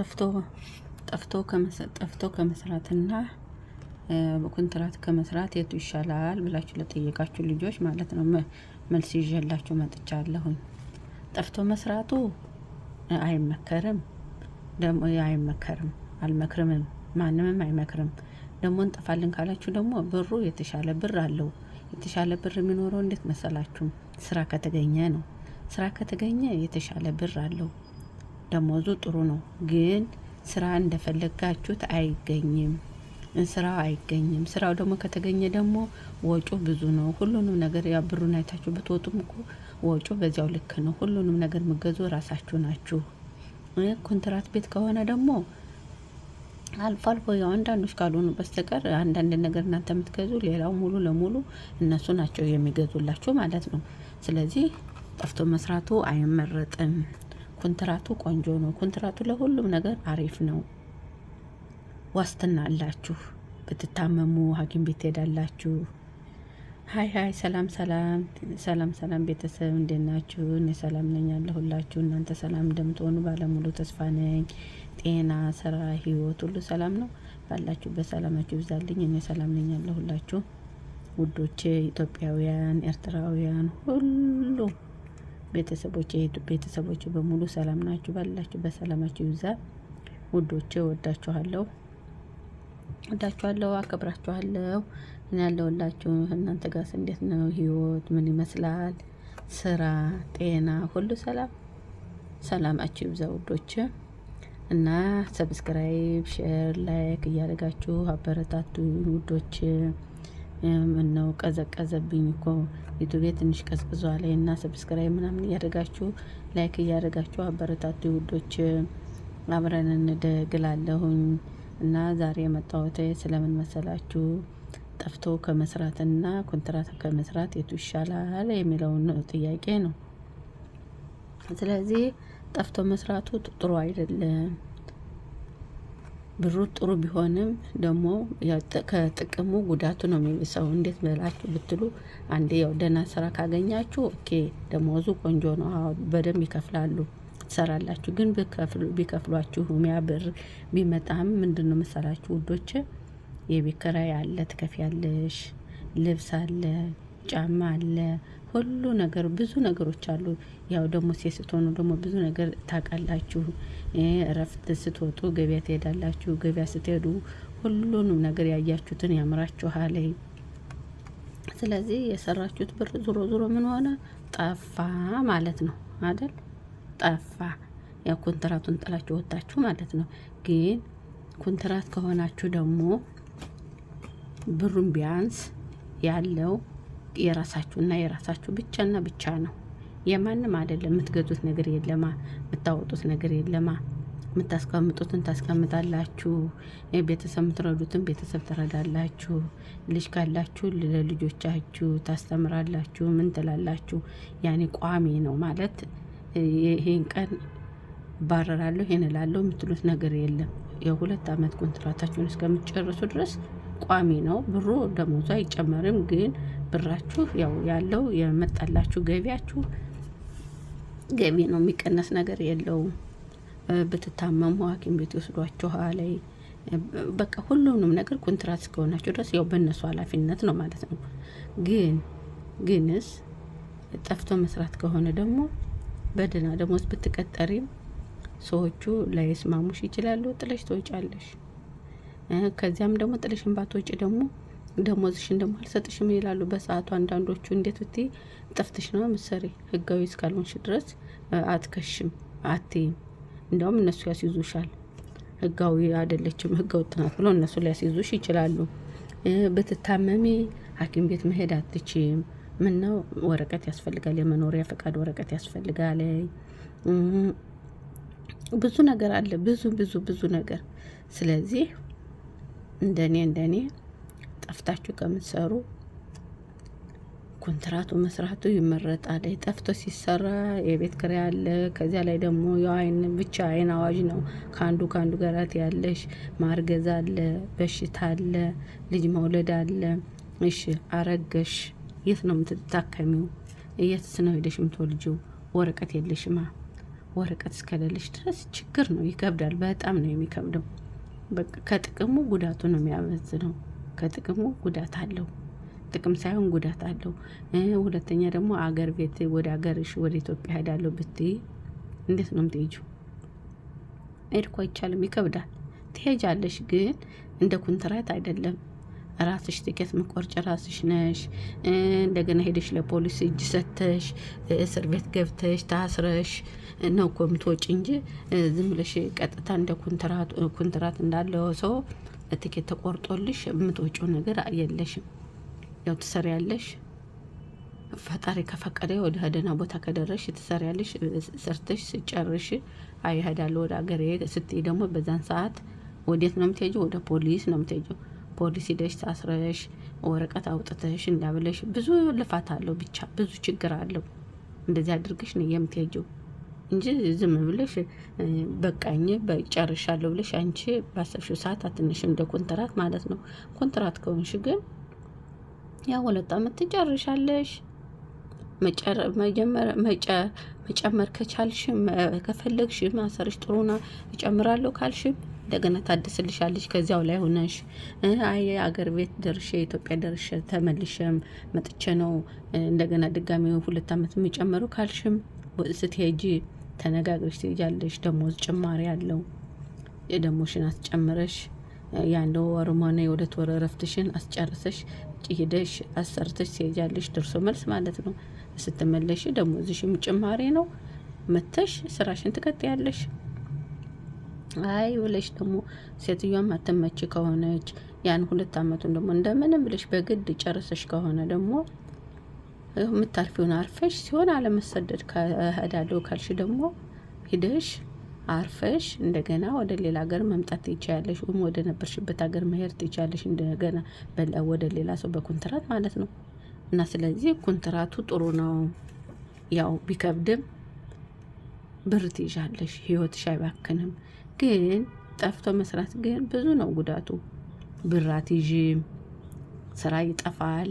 ጠፍቶ ጠፍቶ ጠፍቶ ከመስራትና በኮንትራት ከመስራት የቱ ይሻላል ብላችሁ ለጠየቃችሁ ልጆች ማለት ነው መልስ ይዤላችሁ መጥቻለሁኝ። ጠፍቶ መስራቱ አይመከርም፣ ደግሞ አይመከርም፣ አልመክርምም፣ ማንምም አይመክርም። ደግሞ እንጠፋልን ካላችሁ ደግሞ ብሩ የተሻለ ብር አለው። የተሻለ ብር የሚኖረው እንዴት መሰላችሁ? ስራ ከተገኘ ነው። ስራ ከተገኘ የተሻለ ብር አለው። ደሞዙ ጥሩ ነው፣ ግን ስራ እንደፈለጋችሁት አይገኝም። ስራው አይገኝም። ስራው ደግሞ ከተገኘ ደግሞ ወጩ ብዙ ነው። ሁሉንም ነገር ያ ብሩን አይታችሁ ብትወጡም እኮ ወጩ በዚያው ልክ ነው። ሁሉንም ነገር ምገዙ ራሳችሁ ናችሁ። ኮንትራት ቤት ከሆነ ደግሞ አልፎ አልፎ ያው አንዳንዶች ካልሆኑ በስተቀር አንዳንድ ነገር እናንተ የምትገዙ ሌላው ሙሉ ለሙሉ እነሱ ናቸው የሚገዙላችሁ ማለት ነው። ስለዚህ ጠፍቶ መስራቱ አይመረጥም። ኮንትራቱ ቆንጆ ነው። ኮንትራቱ ለሁሉም ነገር አሪፍ ነው። ዋስትና አላችሁ። ብትታመሙ ሐኪም ቤት ትሄዳላችሁ። ሀይ ሀይ፣ ሰላም ሰላም፣ ሰላም ሰላም ቤተሰብ እንዴት ናችሁ? እኔ ሰላም ነኝ ያለሁላችሁ። እናንተ ሰላም እንደምትሆኑ ባለሙሉ ተስፋ ነኝ። ጤና፣ ስራ፣ ህይወት ሁሉ ሰላም ነው። ባላችሁበት ሰላማችሁ ይብዛልኝ። እኔ ሰላም ነኝ ያለሁላችሁ ውዶቼ፣ ኢትዮጵያውያን፣ ኤርትራውያን ሁሉ ቤተሰቦች የሄዱ ቤተሰቦች በሙሉ ሰላም ናችሁ? ባላችሁ በሰላማችሁ ይብዛ። ውዶቼ ወዳችኋለሁ፣ ወዳችኋለሁ፣ አከብራችኋለሁ። እኔ ያለሁላችሁ እናንተ ጋርስ እንዴት ነው ህይወት? ምን ይመስላል? ስራ፣ ጤና ሁሉ ሰላም? ሰላማችሁ ይብዛ ውዶቼ እና ሰብስክራይብ፣ ሼር፣ ላይክ እያደረጋችሁ አበረታቱ ውዶች። ምነው ቀዘቀዘብኝ እኮ ዩቱቤ ትንሽ ቀዝቅዟ ላይ እና ሰብስክራይብ ምናምን እያደረጋችሁ ላይክ እያደረጋችሁ አበረታቱ ውዶች፣ አብረን እንደግላለሁኝ እና ዛሬ የመጣሁት ስለምን መሰላችሁ ጠፍቶ ከመስራትና ኮንትራት ከመስራት የቱ ይሻላል የሚለውን ጥያቄ ነው። ስለዚህ ጠፍቶ መስራቱ ጥሩ አይደለም። ብሩ ጥሩ ቢሆንም ደግሞ ከጥቅሙ ጉዳቱ ነው የሚብሰው። እንዴት በላችሁ ብትሉ አንዴ ያው ደህና ስራ ካገኛችሁ ኦኬ፣ ደሞዙ ቆንጆ ነው፣ በደንብ ይከፍላሉ፣ ትሰራላችሁ። ግን ቢከፍሏችሁ ሚያ ብር ቢመጣም ምንድን ነው መሰላችሁ ውዶች፣ የቤት ኪራይ አለ፣ ትከፍያለሽ፣ ልብስ አለ፣ ጫማ አለ ሁሉ ነገር ብዙ ነገሮች አሉ። ያው ደግሞ ሴት ስትሆኑ ደግሞ ብዙ ነገር ታውቃላችሁ። እረፍት ስትወጡ ገበያ ትሄዳላችሁ። ገበያ ስትሄዱ ሁሉንም ነገር ያያችሁትን ያምራችኋል። ስለዚህ የሰራችሁት ብር ዞሮ ዞሮ ምን ሆነ ጠፋ ማለት ነው አይደል? ጠፋ። ያው ኮንትራቱን ጥላችሁ ወጣችሁ ማለት ነው። ግን ኮንትራት ከሆናችሁ ደግሞ ብሩን ቢያንስ ያለው የራሳችሁ እና የራሳችሁ ብቻና ብቻ ነው። የማንም አይደለም። የምትገዙት ነገር የለማ፣ የምታወጡት ነገር የለማ። የምታስቀምጡትን ታስቀምጣላችሁ። ቤተሰብ የምትረዱትን ቤተሰብ ትረዳላችሁ። ልጅ ካላችሁ ለልጆቻችሁ ታስተምራላችሁ። ምን ትላላችሁ? ያኔ ቋሚ ነው ማለት ይሄን ቀን ባረራለሁ ይሄን እላለሁ የምትሉት ነገር የለም። የሁለት አመት ኮንትራታችሁን እስከምትጨርሱ ድረስ ቋሚ ነው። ብሩ ደሞዙ አይጨመርም፣ ግን ብራችሁ ያው ያለው የመጣላችሁ ገቢያችሁ ገቢ ነው። የሚቀነስ ነገር የለውም። ብትታመሙ ሐኪም ቤት ይወስዷችኋል። በቃ ሁሉንም ነገር ኮንትራት እስከሆናችሁ ድረስ ያው በእነሱ ኃላፊነት ነው ማለት ነው። ግን ግንስ ጠፍቶ መስራት ከሆነ ደግሞ በደህና ደሞዝ ብትቀጠሪም ሰዎቹ ላይስማሙሽ ይችላሉ። ጥለሽ ትወጫለሽ። ከዚያም ደግሞ ጥለሽን ባትወጪ ደግሞ ደሞዝሽን ደግሞ አልሰጥሽም ይላሉ በሰዓቱ አንዳንዶቹ። እንዴት ብትይ ጠፍትሽ ነው ምሰሪ ህጋዊ እስካልሆንሽ ድረስ አትከሽም አትይም። እንዲያውም እነሱ ያስይዙሻል። ህጋዊ አይደለችም ህገ ወጥ ናት ብለው እነሱ ሊያስይዙሽ ይችላሉ። ብትታመሚ ሐኪም ቤት መሄድ አትችም። ምነው ወረቀት ያስፈልጋል፣ የመኖሪያ ፈቃድ ወረቀት ያስፈልጋል። ብዙ ነገር አለ፣ ብዙ ብዙ ብዙ ነገር ስለዚህ እንደኔ እንደኔ ጠፍታችሁ ከምትሰሩ ኮንትራቱ መስራቱ ይመረጣል። ጠፍቶ ሲሰራ የቤት ክሬ አለ። ከዚያ ላይ ደግሞ የአይን ብቻ አይን አዋጅ ነው። ከአንዱ ከአንዱ ጋራት ያለሽ ማርገዝ አለ፣ በሽታ አለ፣ ልጅ መውለድ አለ። እሺ አረገሽ፣ የት ነው የምትታከሚው? የትስ ነው ሄደሽ የምትወልጂው? ወረቀት የለሽማ። ወረቀት እስከሌለሽ ድረስ ችግር ነው። ይከብዳል። በጣም ነው የሚከብደው። ከጥቅሙ ጉዳቱ ነው ነው። ከጥቅሙ ጉዳት አለው፣ ጥቅም ሳይሆን ጉዳት አለው። ሁለተኛ ደግሞ አገር ቤት ወደ አገርሽ ወደ ኢትዮጵያ ሄዳለሁ ብትይ እንዴት ነው የምትሄጂው? ሄድኩ አይቻልም፣ ይከብዳል። ትሄጃለሽ፣ ግን እንደ ኩንትራት አይደለም። ራስሽ ትኬት መቆርጭ ራስሽ ነሽ። እንደገና ሄደሽ ለፖሊስ እጅ ሰተሽ እስር ቤት ገብተሽ ታስረሽ ነው እኮ የምትወጪ እንጂ ዝም ብለሽ ቀጥታ እንደ ኮንትራት እንዳለው ሰው ትኬት ተቆርጦልሽ የምትወጪው ነገር የለሽም። ያው ትሰሪያለሽ ፈጣሪ ከፈቀደ ወደ ደህና ቦታ ከደረሽ ትሰሪያለሽ። ሰርተሽ ስጨርሽ አይሄዳለሁ ወደ አገሬ ስትይ ደግሞ በዛን ሰዓት ወዴት ነው የምትሄጂው? ወደ ፖሊስ ነው የምትሄጂው። ፖሊስ ሂደሽ ታስረሽ ወረቀት አውጥተሽ እንዳብለሽ ብዙ ልፋት አለው። ብቻ ብዙ ችግር አለው። እንደዚህ አድርገሽ ነው የምትሄጂው እንጂ ዝም ብለሽ በቃኝ ጨርሻለሁ ብለሽ አንቺ ባሰብሽው ሰዓት አትነሽም። እንደ ኮንትራት ማለት ነው። ኮንትራት ከሆንሽ ግን ያ ሁለት ዓመት ትጨርሻለሽ። መጨመር ከቻልሽ ከፈለግሽ ማሰርሽ ጥሩና እጨምራለሁ ካልሽም እንደገና ታደስልሻለች። ከዚያው ላይ ሆነሽ አይ አገር ቤት ደርሼ ኢትዮጵያ ደርሼ ተመልሼም መጥቼ ነው እንደገና ድጋሚ ሁለት ዓመት የሚጨመሩ ካልሽም ስትሄጂ ተነጋግረሽ ትሄጃለሽ። ደሞዝ ጭማሪ አለው። የደሞሽን አስጨምረሽ የአንድ ወርም ሆነ የሁለት ወር እረፍትሽን አስጨርሰሽ ሄደሽ አሰርተሽ ትሄጃለሽ። ደርሶ መልስ ማለት ነው። ስትመለሽ ደሞዝሽም ጭማሪ ነው። መተሽ ስራሽን ትቀጥያለሽ። አይ ብለሽ ደግሞ ሴትዮዋም አትመች ከሆነች ያን ሁለት አመቱን ደግሞ እንደምንም ብለሽ በግድ ጨርሰሽ ከሆነ ደግሞ የምታርፊውን አርፈሽ ሲሆን አለመሰደድ ከሄዳለሁ ካልሽ ደግሞ ሂደሽ አርፈሽ እንደገና ወደ ሌላ ሀገር መምጣት ትችያለሽ፣ ወይም ወደ ነበርሽበት ሀገር መሄድ ትችያለሽ። እንደገና ወደ ሌላ ሰው በኮንትራት ማለት ነው። እና ስለዚህ ኮንትራቱ ጥሩ ነው። ያው ቢከብድም ብር ትይዣለሽ፣ ህይወትሽ አይባክንም። ግን ጠፍቶ መስራት ግን ብዙ ነው ጉዳቱ። ብር አትይዥም፣ ስራ ይጠፋል።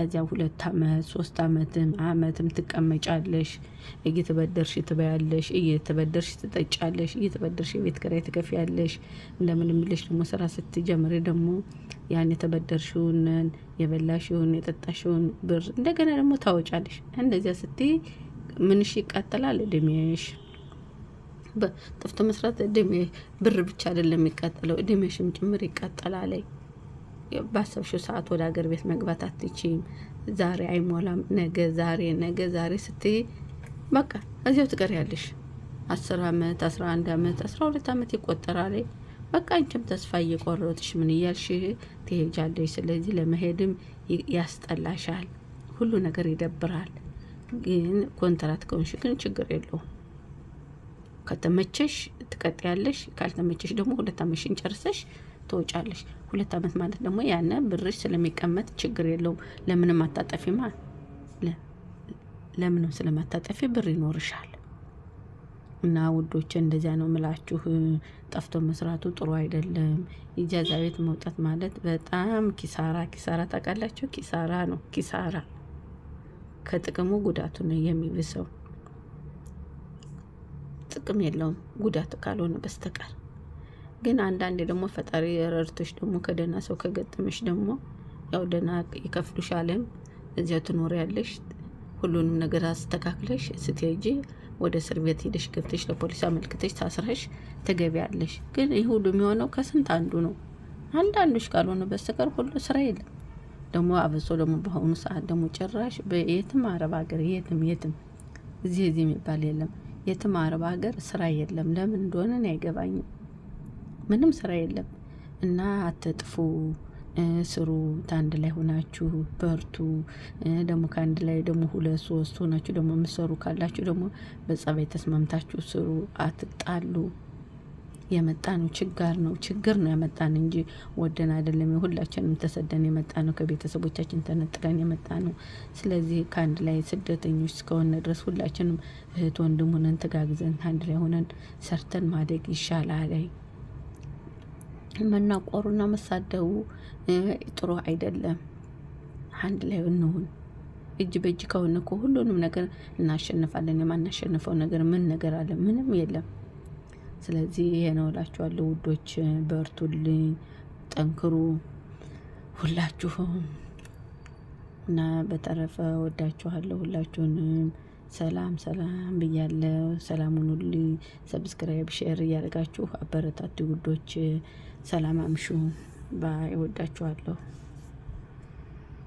እዚያ ሁለት አመት ሶስት አመትም አመትም ትቀመጫለሽ። እየተበደርሽ ትበያለሽ፣ እየተበደርሽ ትጠጫለሽ፣ እየተበደርሽ የቤት ኪራይ ትከፍያለሽ። እንደምንም ብለሽ ደግሞ ስራ ስትጀምሪ ደግሞ ያን የተበደርሽውን የበላሽውን የጠጣሽውን ብር እንደገና ደግሞ ታወጫለሽ። እንደዚያ ስትይ ምንሽ ይቃጠላል እድሜሽ። በጥፍቶ መስራት እድሜ ብር ብቻ አይደለም የሚቃጠለው፣ እድሜሽም ጭምር ይቃጠላል። ባሰብሽው ሰዓት ወደ ሀገር ቤት መግባት አትችም። ዛሬ አይሞላም፣ ነገ ዛሬ ነገ ዛሬ ስትይ በቃ እዚያው ትቀሪያለሽ። አስር አመት አስራ አንድ አመት አስራ ሁለት አመት ይቆጠራል። በቃ አንቺም ተስፋ እየቆረጥሽ ምን እያልሽ ትሄጃለሽ። ስለዚህ ለመሄድም ያስጠላሻል፣ ሁሉ ነገር ይደብራል። ግን ኮንትራት ከሆንሽ ግን ችግር የለውም። ከተመቸሽ ትቀጥያለሽ፣ ካልተመቸሽ ደግሞ ሁለት አመትሽን ጨርሰሽ ትወጫለሽ። ሁለት አመት ማለት ደግሞ ያነ ብርሽ ስለሚቀመጥ ችግር የለውም። ለምንም ማ ለምንም ስለማታጠፊ ብር ይኖርሻል። እና ውዶች እንደዚያ ነው ምላችሁ። ጠፍቶ መስራቱ ጥሩ አይደለም። ኢጃዛ ቤት መውጣት ማለት በጣም ኪሳራ ኪሳራ ታውቃላችሁ፣ ኪሳራ ነው ኪሳራ። ከጥቅሙ ጉዳቱ ነው የሚብሰው። ጥቅም የለውም ጉዳት ካልሆነ በስተቀር። ግን አንዳንዴ ደግሞ ፈጣሪ ረድቶች ደግሞ ከደህና ሰው ከገጠመሽ ደግሞ ያው ደህና ይከፍሉሻልም እዚያ ትኖሪያለሽ። ሁሉንም ነገር አስተካክለሽ ስትሄጂ ወደ እስር ቤት ሄደሽ ገብተሽ ለፖሊስ አመልክተሽ ታስረሽ ትገቢያለሽ። ግን ይህ ሁሉ የሚሆነው ከስንት አንዱ ነው። አንዳንዶች ካልሆነ በስተቀር ሁሉ ስራ የለም። ደግሞ አብሶ ደግሞ በአሁኑ ሰዓት ደግሞ ጭራሽ በየትም አረብ ሀገር የትም የትም እዚህ እዚህ የሚባል የለም። የትም አረብ ሀገር ስራ የለም። ለምን እንደሆነን አይገባኝም። ምንም ስራ የለም እና አትጥፉ፣ ስሩ። ታንድ ላይ ሆናችሁ በርቱ። ደግሞ ከአንድ ላይ ደግሞ ሁለት ሶስት ሆናችሁ ደግሞ የምሰሩ ካላችሁ ደግሞ በጸባይ ተስማምታችሁ ስሩ። አትጣሉ። የመጣ ነው። ችጋር ነው ችግር ነው ያመጣን እንጂ ወደን አይደለም። ሁላችንም ተሰደን የመጣ ነው። ከቤተሰቦቻችን ተነጥለን የመጣ ነው። ስለዚህ ከአንድ ላይ ስደተኞች እስከሆነ ድረስ ሁላችንም እህት ወንድም ሆነን ተጋግዘን አንድ ላይ ሆነን ሰርተን ማደግ ይሻላል። መናቆሩና መሳደቡ ጥሩ አይደለም። አንድ ላይ እንሁን። እጅ በእጅ ከሆነ እኮ ሁሉንም ነገር እናሸንፋለን። የማናሸንፈው ነገር ምን ነገር አለ? ምንም የለም። ስለዚህ ይሄ ነው እላችኋለሁ ውዶች፣ በርቱልኝ፣ ጠንክሩ ሁላችሁም እና በተረፈ ወዳችኋለሁ ሁላችሁንም። ሰላም ሰላም ብያለሁ። ሰላሙን ሁሉ ሰብስክራይብ፣ ሼር እያደረጋችሁ አበረታቱ ውዶች። ሰላም አምሹ። ባይ ወዳችኋለሁ።